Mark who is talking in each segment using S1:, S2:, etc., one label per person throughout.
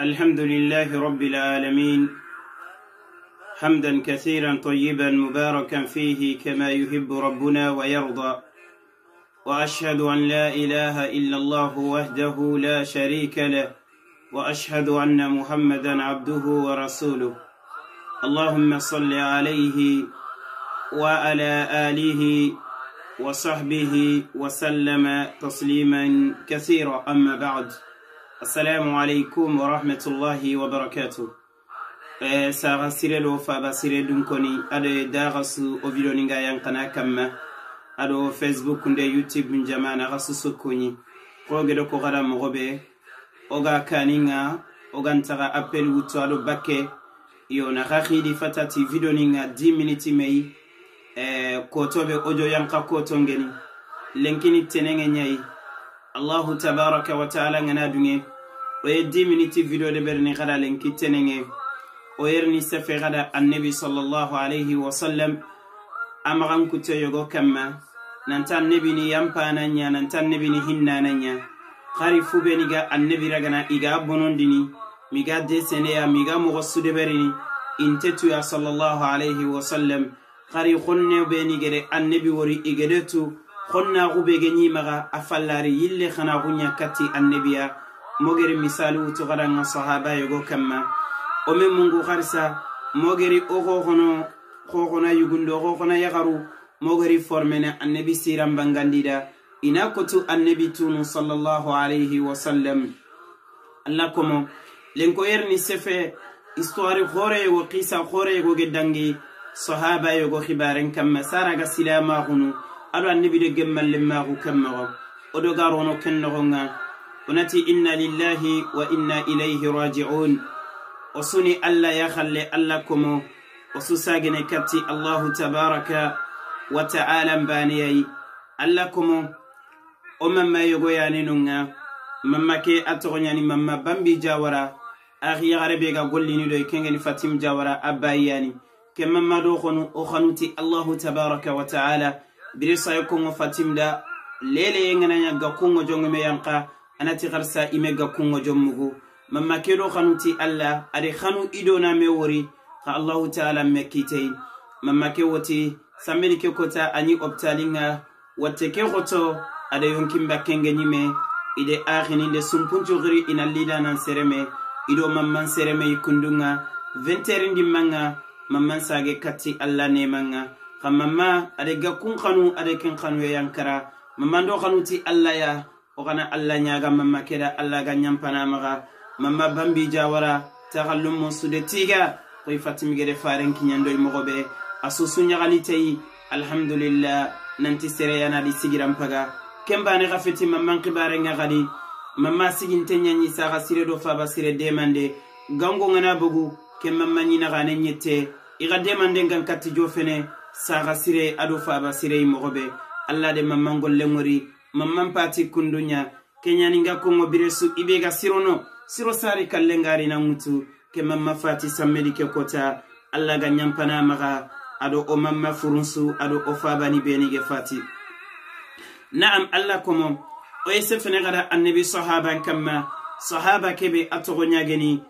S1: الحمد لله رب العالمين حمدا كثيرا طيبا مباركا فيه كما يحب ربنا ويرضى واشهد ان لا اله الا الله وحده لا شريك له واشهد ان محمدا عبده ورسوله اللهم صل عليه وعلى اله وصحبه وسلم تسليما كثيرا اما بعد السلام عليكم ورحمه الله وبركاته saxa sirelo faba sire dun koni aɗo daxa su o video ninga yankana kamma ado facebook nde youtube njamana xa su sokkoñi xoogeɗo ko xada moxo ɓe oga kaninga ogantaga appel wutto alo bakke yo naga xiidi fatati video ninga 10 minuti mayi eh, kotobe ojo yanka kotongeni lenkini tenenge ñayi allahu tabaraka wa taala ngana dunge oye 10 minuti video de berni xada lenki tenenge o yerni safe xada annabi salllahu alayhi wasallam a maxan kutte yogo kamma nanta annabini yampana ya nanta annabini hinnana ya hari fube annabi annabira gana iga bonondini miga deseneya miga mogo intee intetuya sallallahu alayhi wasallam hari khonne be nigere annabi wori igedetu tu be ge ɲimaxa a fallari yille xanaxunɲa kati annabiya mogeri misali wutu xadanŋa sahaba yogo kanma wo mungu xarisa mogeri wo xoxono xoxona yugundo xoxona yaxaru mogeri formene annabi siran bangandida ina kutu annabi tunu sallallahu alaihi wa sallam Allah komo lenko erni sefe histoire horeyego qisa horeyego ge dangi sahaba kam masara ga silama hunu aɗo annabi do gemmallenmaxu kammaxo oɗo garono nga onati inna lillahi wa inna ilayhi rajiun o suni allah kalli allah komo o susagene katti allahu tabaraka wa ta'ala baneyayi allah komo o mamma yogoyani nunga mamma ke a togoɲani mamma bambi jawara axi yaxare be ga gollini do kengeni fatim jawara a bayiyani ke mamma do xonu o xanuti allahu tabaraka wa taala Birisa sayo kongo fatim da lele yengenaya ga kungo me yanka anati xarsa ime ga kungo jom mugu mamma ke do xanuti allah ade xanu idona me wori xa allahu taala me kiteyin mamma ke woti sambeni ke kota ani optalinga watte ke xoto ada yonkinba nyime ide axininde sumpuncugiri ina nan sereme ido mamman sereme venterin di manga mamman sage katti allah nemanga xa mamma ada gakkun xanu ade ken xanuye yankara mamando ti alla ya wo xana allah ga mamma keda allah ga maga mamma bambi jawara taxallummo musude tiga Ko fatimi fatimigede faren kiñandoy moxoɓe a susu ñaxani teyi alhamdulillah nanti di sigiram paga kembane xa feti ma manxibare ŋa xadi ma ma siginte ɲaɲi saxa sire do faba sire demande gango ŋana bogu ke ma ma ɲinaxane ɲette i xa demande ŋan kati jo fene saxa sire a do faba sire i moxobe alla de ma man gollenŋori ma man pati kundu ɲa ke ɲaninga koŋo biresu i be ga sirono siro sari kallengarina ŋutu ke ma ma fati sanmedi ke kota alla ga ɲanpana maxa ado o ma ma furunsu ado o fabani benige fati نعم الله كم ويسف نغرى النبي صحابا كما صحابة كبي أتغنى جني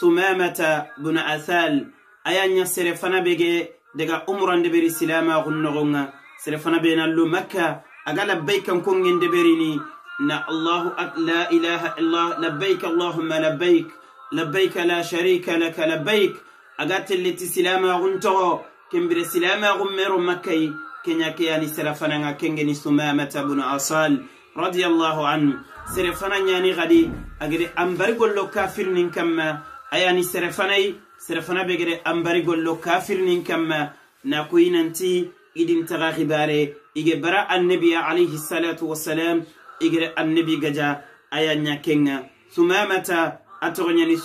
S1: ثمامة بن أثال أيان يسير فنا بيجي دقا أمرا دبري سلاما غنغنا سرفنا بينا لو اللو مكة أقال لبيك نكون دبريني نا الله أك لا إله إلا لبيك اللهم لبيك لبيك لا شريك لك لبيك أقاتل سلاما غنتغو كمبر سلاما غمير مكي kenya kia ni serafana nga kenge ni sumamata bunu asal radiyallahu anu serafana nyani gadi agere ambari gollo kafir ninkamma aya ayani serafana yi serafana begere ambari gollo kafir ninkamma na nakuyi idin taga khibare ige bara annabiya alihi salatu wasalam igere annabi gaja aya nya kenga sumamata a togo ɲani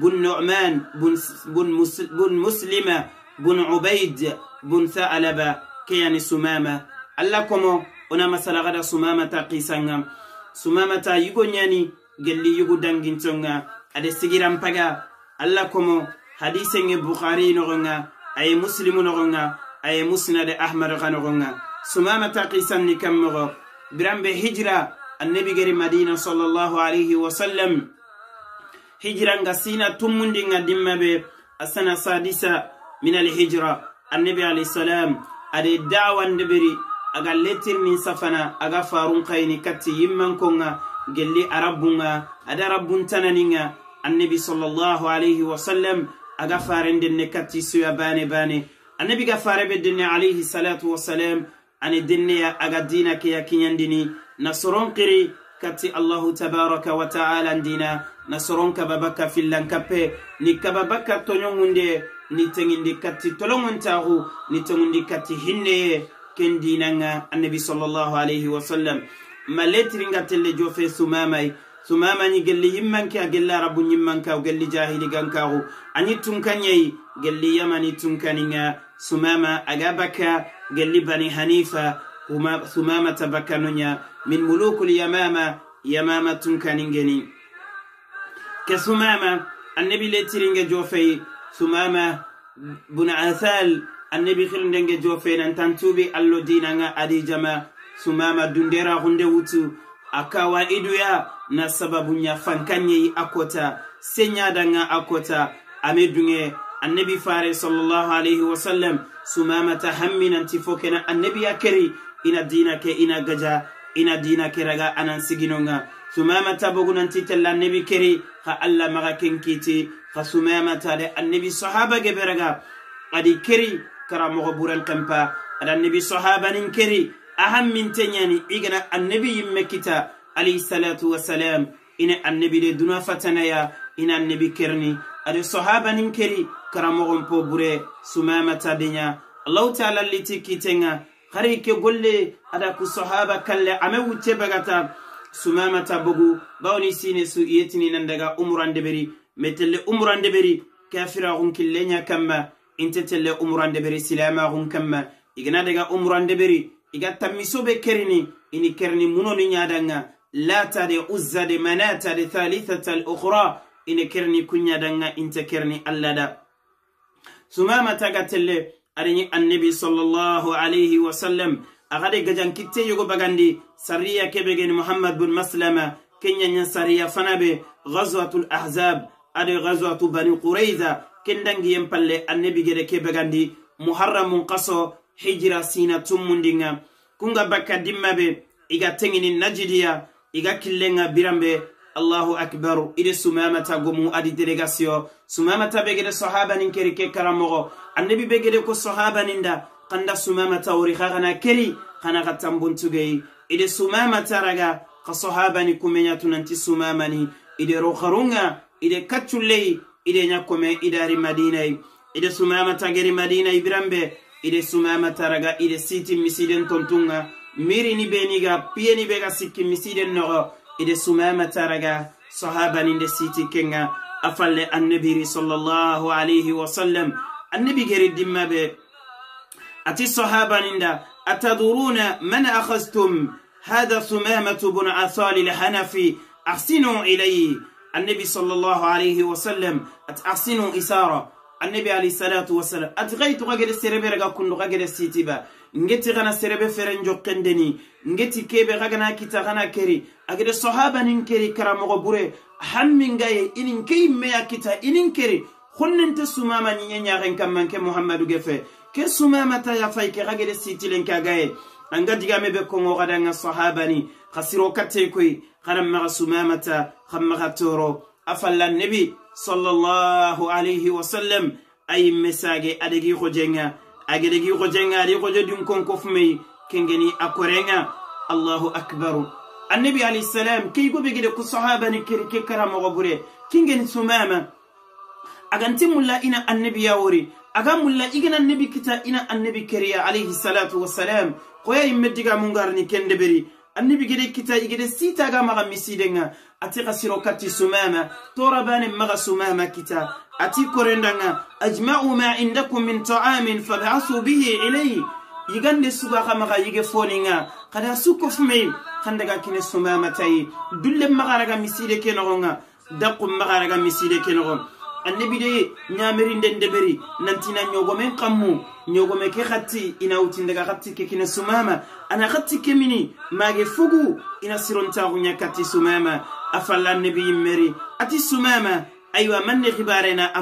S1: بن bun بن, bun numan bun muslima bun ubayd bun thalaba keyani sumama alla komo ona masalagada sumamata kisanga sumamata yugo ɲani gelli yugu dangintonga ade sigiran paga alla komo hadisenge bukhari nogonga aye muslimu nogonga aye musnade ahmad ga nogonga sumamata kisanni kammogo biranbe hijira annabi gari madina sallallahu alaihi wasallam hijira nga sina tummundinga dimmabe asana sadisa من الهجرة النبي عليه السلام أدي دعوة نبري أغا لتر من سفنا أغا فارون قيني كتي يمن كونا جلي أربونا أدى رب تنانينا النبي صلى الله عليه وسلم أغا فارن دن كتي سوى باني باني النبي غفار بدن عليه الصلاة والسلام أني دن يا أغا دينا كيا كيان ديني نصرون قري كتي الله تبارك وتعالى دينا نصرون كبابك في اللان كبه نكبابك تنيون ni teŋindi katti toloŋontaahu ni teŋindi katti hinneye ken dinaŋa annabi sallallahu alayhi wa sallam ma letiriŋgatelle jofe sumamay sumamañi gelli yimmanke a gelli arabu yimmankaw gelli jahili gankaahu añi tunkanñayi gelli yamani tunkaniŋa sumama aga bakka gelli bani hanifa sumamata bakkanuña min mulukul yamama yamama tunkaniŋgeni ke sumama annabi letiriŋge jofeyi sumama buna asal annabi xilindenge jofe na tuɓe allo dinanga adi jama sumama dundera hunde wutu a kawa ya na sababuya fankanyeyi a kota seyadanga a kota ame dunge annabi fare sallallahu alaihi wasallam sumama ta hamminanti fo kena annabiya keri ina dina ke ina gaja ina dina ke raga anan siginonga sumama ta bogunanti tella annabi keri ha allah maga kenkiti خسوماما تالي النبي صحابة جبرغا أدي كري كرا مغبورا قمبا على النبي صحابة ننكري أهم من تنياني إيغنا النبي يمكتا عليه الصلاة والسلام إن النبي لدنا فتنايا إن النبي كرني أدي صحابة ننكري كرا مغنبو بوري سمامة تالينا الله تعالى اللي تيكي تنيا خري كي أدا كو صحابة كالي أمو تبغتا سمامة بغو باوني سيني سوئيتني نندغا أمران دبري me telle umrandeɓeri kafiragun killeya kamma inte telle umrandeɓeri silamagun kamma igana daga umrandeɓeri iga tammisobe kerini ini kerini munoni yadanga lata de uzza de manata de thalithata alukhra ine kerini kunyadanga inte kerini allah da sumamataga telle adañi annabi sallllahu alayhi wa sallam agade gajankitte yogo bagandi sarriya keɓe geni muhammad bun maslama keyaya sarriya fana be gazwatul ahzab ade gazwatu bani qurayza kendangiyen palle annabi gede kebegandi muharramun kaso hijira sina tummundinga kunga bakka dimmabe iga tengini najidiya iga killenga birambe allahu akbar ide sumamata gomu adi delegasio sumamata be gede sohabanin keri ke karamogo annabi be gede ko sohabaninda kanda sumamata wori ha gana keri kana ga tambuntugeyi ide sumamata raga ka sohabani kumeyatunanti sumamani ide rokharunga ide kacculley ide ñakkome idari ari madinay ide sumama tageri madinay biranɓe ide sumama taraga ide siti misiden tontunga mirini beniga piyeni bega ga sikki misiden nogo ide sumama taraga sahabaninde siti kenga afalle annabiri sallallahu alayhi wa sallam annabi geri dimmaɓe ati sahabaninda atadhuruna man akhastum hada sumamatu bun asali lhanafi ahsinu ilayhi annabi sallllahu alayhi wa sallam at ahsinu isara annabi alayhi salatu wasalam at gaytu gagede sérebere ga kundu gagede sitiba ngeti gana sérebe feren jokkendeni ngeti kebe gagana kita gana keri agede sahabanin keri karamogo bure hammingaye inin keyimmeya kita inin keri honnente sumama ñiñeñaren kammanke muhammadu gefe ke sumamata yafay ke gagede sitilenke agaye anga digame be kongo gadanga sahabani kasiro katte koye خنمغ سمامة خمغ تورو أفلا النبي صلى الله عليه وسلم أي مساجي أدقي خجنة أدقي خجنة أدقي خجنة كون كفمي كنغني أكورنة الله أكبر النبي عليه السلام كي يقول بيجي لك الصحابة نكري كي كرام غبوري كنغني سمامة أغنتي ملا إنا النبي يوري أغان mulla إغان النبي كتا إنا النبي كريا عليه salatu wassalam koya yimme diga mungarni kendeberi anni bigede kita igede sitaga maga misidenga ati kasiro kati sumama torabane maga sumama kita ati korendanga ajma'u ma indakum min ta'amin fab'athu bihi ilayhi yigande suga ka maga yige foninga kada suko fume kandaga kine sumama tayi dulle maga raga miside kenogonga daqum maga raga miside kenogonga annebide ñameri nden deɓeri nantina ñogome kammu ñogome ke hatti ina wutindaga hatti ke kina sumama ana hatti ke mage fogu ina sirontaxu ñakatti sumama a falla annebi ati sumama aywa man ne xibarena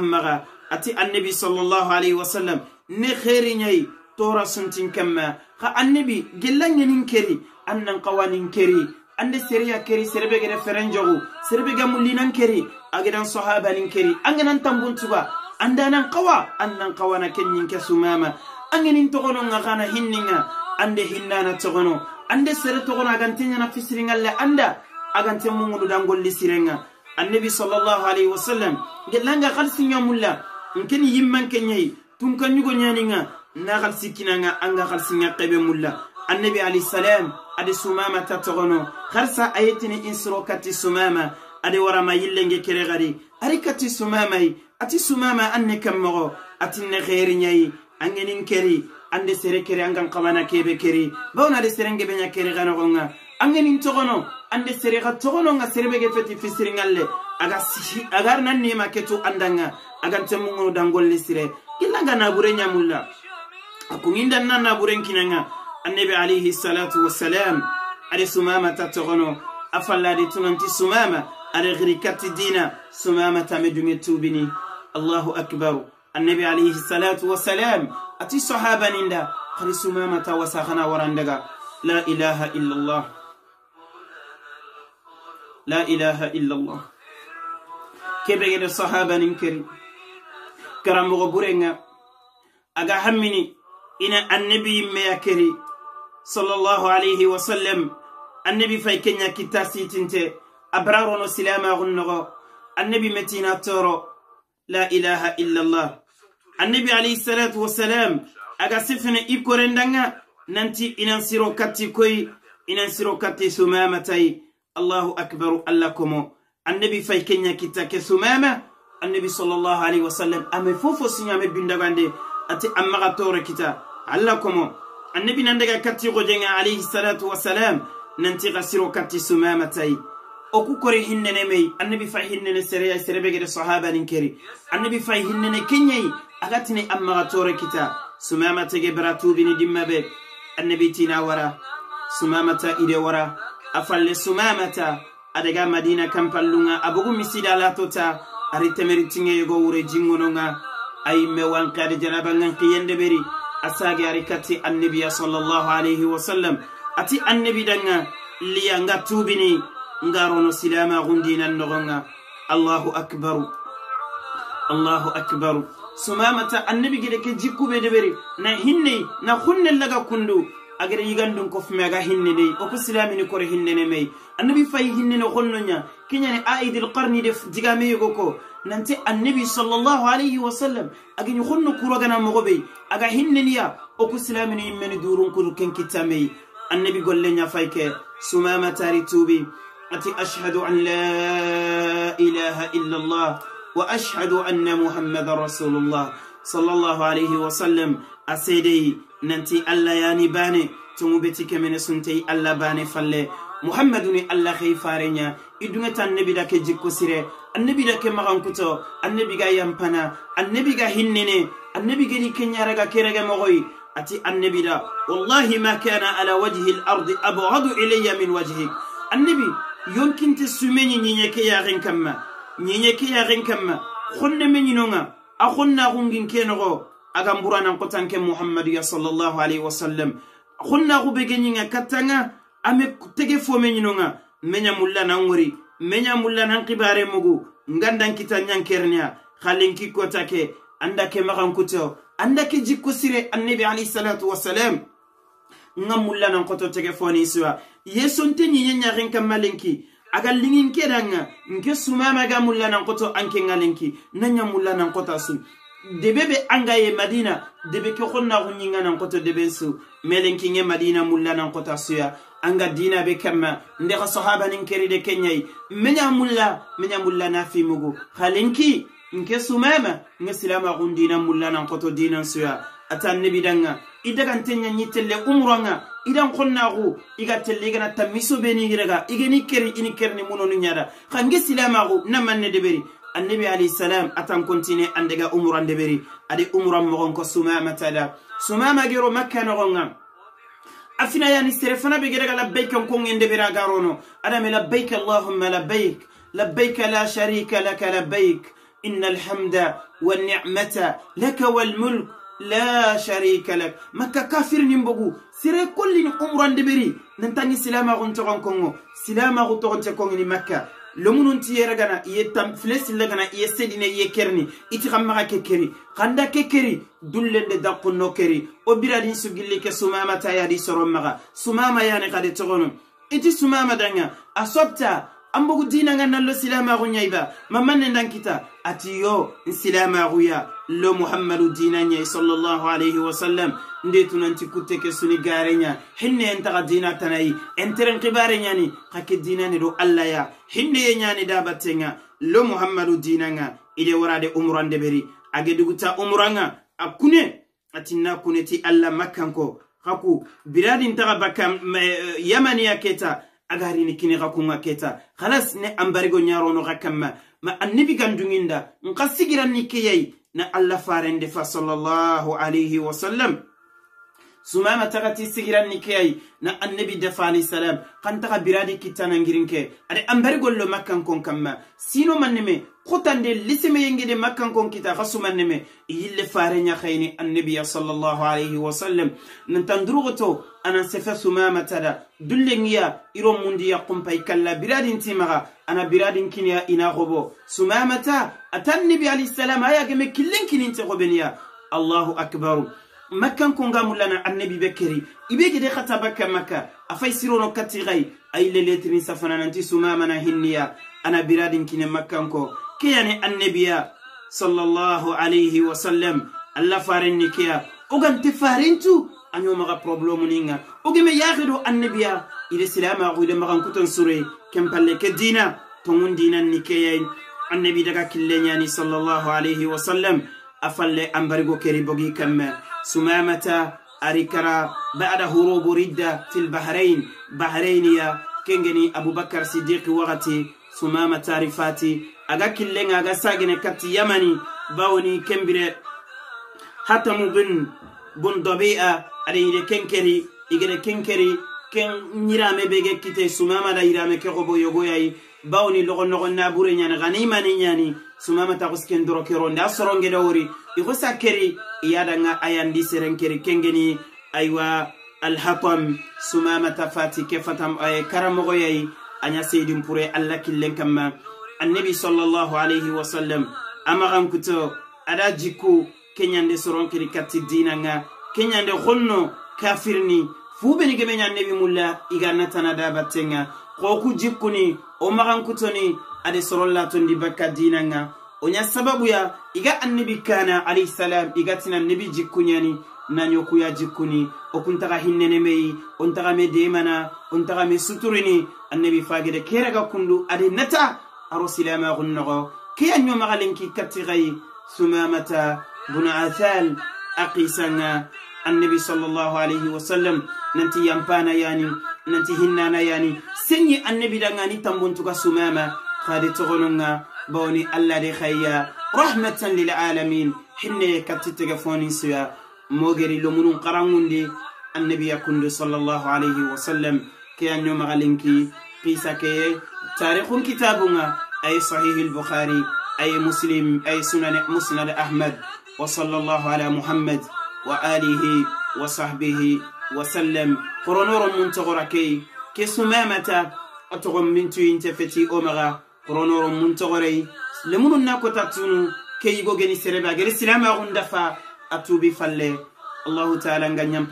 S1: ati annebi salallahu alayhi wasallam ne xeeri ñayi tora suntin kamma xa annebi gellangenin keri an nan qawanin keri ande seriya keri serebe gede feren jogu serebe keri agedan sahabanin keri angenan tambun suga andanan kawa annan qawana kenyin sumama angenin togono ngakana hinninga ande hinnana togono ande sere togono agantinyana fisiringalle anda agante mungudu dangolli sirenga annabi sallallahu alaihi wasallam gelanga khalsinya mulla nkeni yimman kenyai tunka nyugo nyaninga na khalsikinanga anga khalsinya qebe mulla annabi alayhi salam ade sumama tatogono kharsa ayetini insiro kati sumama ade warama yillenge kere gari ari kati sumamai ati sumama anne kammogo ati ne xeeri ɲayi angenin keri ande sere kere angan xabana kebe keri bawna ade serengebeɲa keri xanoxonga angenin toxono ande sere xa toxononga serebege feti fisiringan le aga agarna nima ketu andanga agante mungunu dangolli sire illa ga nabure ɲamulla akuŋindan na naburen kinanga annabi alayhi salatu wasalam ade sumama ta toxono a fallade tunanti sumama أرغري دينا سمامة مدن التوبني الله أكبر النبي عليه الصلاة والسلام أتي صحابة نندا قري سمامة وساخنا ورندقا لا إله إلا الله لا إله إلا الله كيف يجد الصحابة ننكري كرام غبورنا أغا همني إن النبي ميكري صلى الله عليه وسلم النبي فايكنيا تنتي abrarono silamaxunnoxo annabi metina toro la ilaha illallah annabi alayhisalatu wasalam aga sifene i korendanga nanti inan siro katti koyi inan siro katti sumama tayi allahu akbaru alla komo annabi fay kenya kitta ke sumama annabi salllahu alayhi wasallam ame fofo siñame bindagande ati anmaxa toro kita alla komo annabi nandaga katti xojenga alayhisalatu wasalam nanti xa siro katti sumama tayi o kukkore hinnene meyi annabi fay hinnene sere serebegede sahabanin keri annabi fay hinnene keñayi agatine ammaga tore kita sumamatege bara tubini dimmaɓe annabi tina wara sumamata ide wara a falle sumamata adaga madina kampallunga abogu misida latota ari temeri tingeyego wure jingononga ayi me wanke ade janaba gan kiyende ɓeri asage ari kati annabiya sallllahu alayhi wa sallam ati annabi danga liya nga tubini ndarono silamagu ndinan nogonga allahu akbaru allahu akbaru sumamata annabi gede ke jikkuɓe deɓeri na hinneyi na hunnel laga kundu agere yigandun kofume aga hinne dey oko silamini kore hinnene meyi annabi fayi hinnene honnoya keñani aidil qarni de digameyigo ko nanti annabi sallllahu alayhi wasallam agañi honno kurogana mogoɓey aga hinneniya oko silamini yimmeni durunkudu ken kittameyi annabi golleya fay ke sumamatari tuuɓi أشهد أن لا إله إلا الله وأشهد أن محمد رسول الله صلى الله عليه وسلم أسيدي ننتي ألا ياني باني تموبتك من سنتي ألا باني فلي محمد ألا خي فارينيا إدونة النبي لك جيكو سيري النبي لك مغانكتو النبي غا يمبانا النبي غا هنيني النبي غني كنيا رغا كيرغا مغوي أتي النبي لا والله ما كان على وجه الأرض أبغض إلي من وجهك النبي yonkinte sume ñi ñiñeke yaxen kamma ñiñeke yaxen kamma xonne me ñinonga a xonnaxungin ke noxo agan buranan qotanke muhammadu sallallahu alaihi wasallam xonnaxu be ge ñinga kattanga ame tege fome ñinonga meña mulla nan wori meña mulla nan xibare mogu ngandan kita ñankerneya xalen ki kota ke anda ke maxan kuto anda ke jikko sire annabi alayhi salatu wasalam nga mulla nan koto tege foni suwa yeso nte nyinya nyaren kamalenki aga lingin kedanga nke sumama ga mulla nan koto anke ngalenki nanya mulla nan kota sun debe be anga ye madina debe ke xonna xu ñinga nan koto debe su melenki nge madina mulla nan kota suya anga dina be kamma nde xa sahaba nin keri de kenyai menya mulla menya mulla na fi mugu xalenki nke sumama nge silama xun dina mulla nan koto dinan suya ata nebidanga idagantenya ñitelle umuranga idan konnaku iga telle igana tammiso beni hirega igeni keri ini kerni munonu ñada xange silamaku namanne deberi annabi alayhisalam atan kontine andega umuran deberi adi umuran mogon ko sumama tada sumama gero makka nogonga afina yani sere fana be gedega labbayk on kongen deberi agarono adame labbayk allahumma labbayk labbayk la sharika laka labbayk inna alhamda والنعمة لك والملك la sharika lak makka kafir nin bogu sere kolli ni umrande beri nan tangi silama gon togon kongo silama go togon te kongo ni makka lomunun ti yere gana iye tam flesi la gana iye sedine iye kerni iti xammaxa ke keri xanda ke keri dullende daqunno keri o biradin sugilli ke sumama tayadi soronmaxa sumama yani xade toxonu iti sumama danga a sobta an bogu dinanga nallo silamaxu ɲayiba mamanne dan kita ati yo n silamaxuya lo muhammadu dinaye sallllahu alayhi wa sallam nde tunanti kutte ke suni gareña hinne en taxa dina tanayi en teren xibareñani xa ke dinane ɗo allah ya hinne ye ñani dabattenga lo muhammadu dinanga ile warade umrande ɓeri age duguta umranga a kune atinna kuneti allah makkanko xaku biradin taxa bakka yamaniya keta aga harini kine xa kunga keta xalas ne anbarigo ñarono xa kamma ma annibi gan duginda nxa sigiran ni keyayi na allah farende fa sallllahu alayhi wa sallam sumama tagati sigiranni keyay na annabi dafa alayhi salam kan taga biradi kittanangirin ke ada ambarigollo makkan kon kamma sino manne me kutande lisimeyingidi makkan kon kita ha sumanne me yille fare ñahayni annabiya sallllahu alayhi wa sallam nantandurugo to ana sefe sumamatada dullengiya iro mundiya kumpay kalla biradintimaha ana biradinkiniya inahobo sumamata ata annabi alayhisalam ayageme killen kininte hobeniya allahu akbaru makkan ko nga mulana annabi be keri ibegede hata bakka makka afay sirono kati hay ayille letrin safana nanti sumamana hinniya ana biradinkine makkan ko keyane annabiya sallllahu alayhi wa sallam allah farenni keya ogante farentu añomaxa problème ninga ogeme yaxido annabiya ide silamaxu ide maxan kutan sure ken palle ke dina tongun dinan ni keyayin annabi daga kille ñani sallllahu alayhi wa sallam a falle anbarigo keri bogi kamme sumamata ari kara bada hurubu ridda fi lbahrain bahrainia kengeni aboubacar sidiqi waxati sumamata ari fati aga killenga aga sagene kati yamani bawni kembire hatamu bin bun dabi'a ada yire kenkeri igere kenkeri ken nyirame bege kite sumama da yirame ke gobo yogoyayi bawni logo nogo nabure nyani ganimani nyani sumama tagus ken doro ke ronde asorongede wori igusa keri iyadanga ayandi seren keri kengeni aywa alhatam sumama tafati ke fatam ay karamogoyayi anya seydin pure alla killen kamma annabi sallallahu alayhi wa sallam amaxan kuto ada jikku kenyande soronkiri katti dinanga kenyande xonno kafirni fuɓeni geɓe ñannebi mulla iga natana da battenga xooku jikkuni o maxan kutoni ade sorollatondi bakka dinanga o ɲa sababuya iga annabi kana alayhisalam igatina annabi jikkuɲani nanyokuya jikkuni o kuntaga hinnenemeyi on taga me demana on taga me suturini annabi fagede keraga kundu ade nata aro silamaxun noxo ke a ɲomaxalenki katixayi sumamata bun athal a qisanga annabi sallallahu alaihi wasallam nanti yampana yani nanti hinnana yani senye annabi danga ni tambuntuka sumama khadi togononga bawni alla de khayya rahmatan lil alamin hinne katti tege foni suya mogeri lomunun qarangundi annabi yakundu sallallahu alaihi wasallam ke anyo magalinki qisa ke تاريخ كتابنا أي صحيح البخاري أي مسلم أي سنن مسند أحمد وصلى الله على محمد وآله وصحبه وسلم قرنور من تغركي كسمامة أتغم من تين تفتي أمغا قرنور من تغري لمن ناكو تتنو كي يغو جني سربا جري سلام غندفا أتوبي فالي الله تعالى نغنيم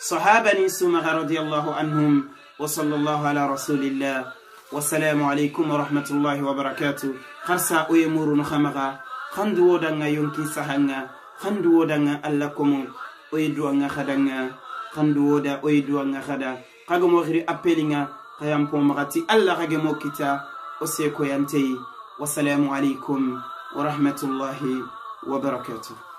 S1: صحابني سمغا رضي الله عنهم وصلى الله على رسول الله wasalamu alaikum wa rahmatullahi wa barakatu muru oye muruno hamaha handu wodanga yonki sahanga handu wodanga allah komo oye duwanga hadanga handu woda oye duwanga hada hagamo hiri appelinga hayampo magati allah hagemo kita o sekoyanteyi wassalamu aleykum wa rahmatullahi wa barakatuh